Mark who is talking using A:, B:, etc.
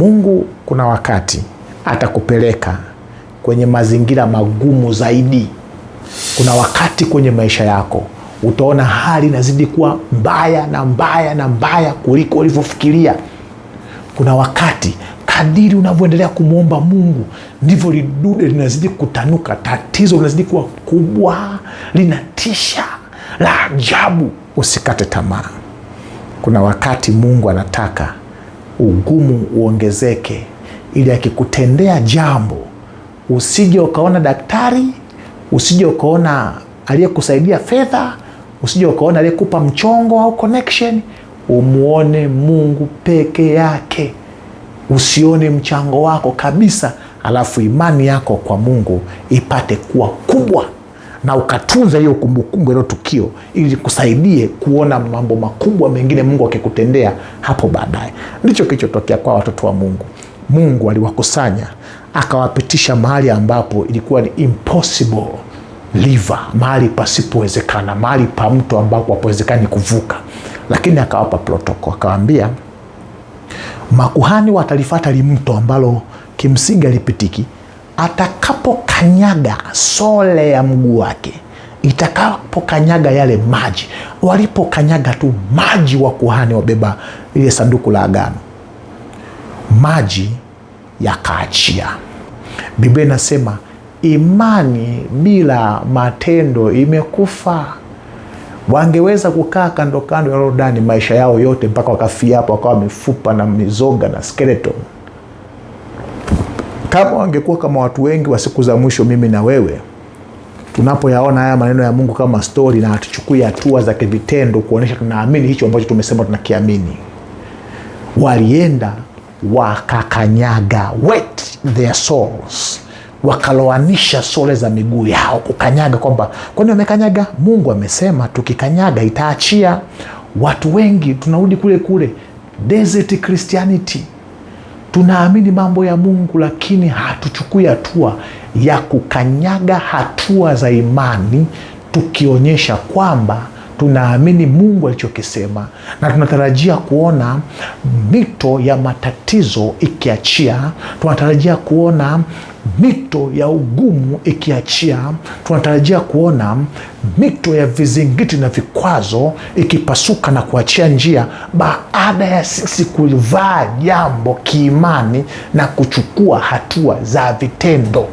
A: Mungu kuna wakati atakupeleka kwenye mazingira magumu zaidi. Kuna wakati kwenye maisha yako utaona hali inazidi kuwa mbaya na mbaya na mbaya kuliko ulivyofikiria. Kuna wakati kadiri unavyoendelea kumwomba Mungu ndivyo lidude linazidi kutanuka, tatizo linazidi kuwa kubwa, linatisha, la ajabu. Usikate tamaa. Kuna wakati Mungu anataka ugumu uongezeke, ili akikutendea jambo usije ukaona daktari, usije ukaona aliyekusaidia fedha, usije ukaona aliyekupa mchongo au connection, umuone Mungu peke yake, usione mchango wako kabisa, alafu imani yako kwa Mungu ipate kuwa kubwa na ukatunza hiyo kumbukumbu ilo tukio, ili kusaidie kuona mambo makubwa mengine Mungu akikutendea hapo baadaye. Ndicho kilichotokea kwa watoto wa Mungu. Mungu aliwakusanya akawapitisha mahali ambapo ilikuwa ni impossible liver, mahali pasipowezekana, mahali pa mto ambapo hapawezekani kuvuka, lakini akawapa protoko, akawaambia makuhani watalifata limto ambalo kimsingi alipitiki atakapokanyaga sole ya mguu wake, itakapokanyaga yale maji, walipokanyaga tu maji wa kuhani wabeba ile sanduku la agano, maji yakaachia. Biblia inasema imani bila matendo imekufa. Wangeweza kukaa kando kando ya Yordani maisha yao yote mpaka wakafia hapo, wakawa mifupa na mizoga na skeleton. Kama wangekuwa kama watu wengi wa siku za mwisho, mimi na wewe, tunapoyaona haya maneno ya Mungu kama stori na hatuchukui hatua za kivitendo kuonyesha tunaamini hicho ambacho tumesema tunakiamini, walienda wakakanyaga wet their souls, wakaloanisha sole za miguu yao, kukanyaga. Kwamba kwani wamekanyaga? Mungu amesema tukikanyaga itaachia. Watu wengi tunarudi kule kule desert Christianity Tunaamini mambo ya Mungu, lakini hatuchukui hatua ya kukanyaga hatua za imani, tukionyesha kwamba tunaamini Mungu alichokisema na tunatarajia kuona mito ya matatizo ikiachia, tunatarajia kuona mito ya ugumu ikiachia, tunatarajia kuona mito ya vizingiti na vikwazo ikipasuka na kuachia njia, baada ya sisi kuvaa jambo kiimani na kuchukua hatua za vitendo.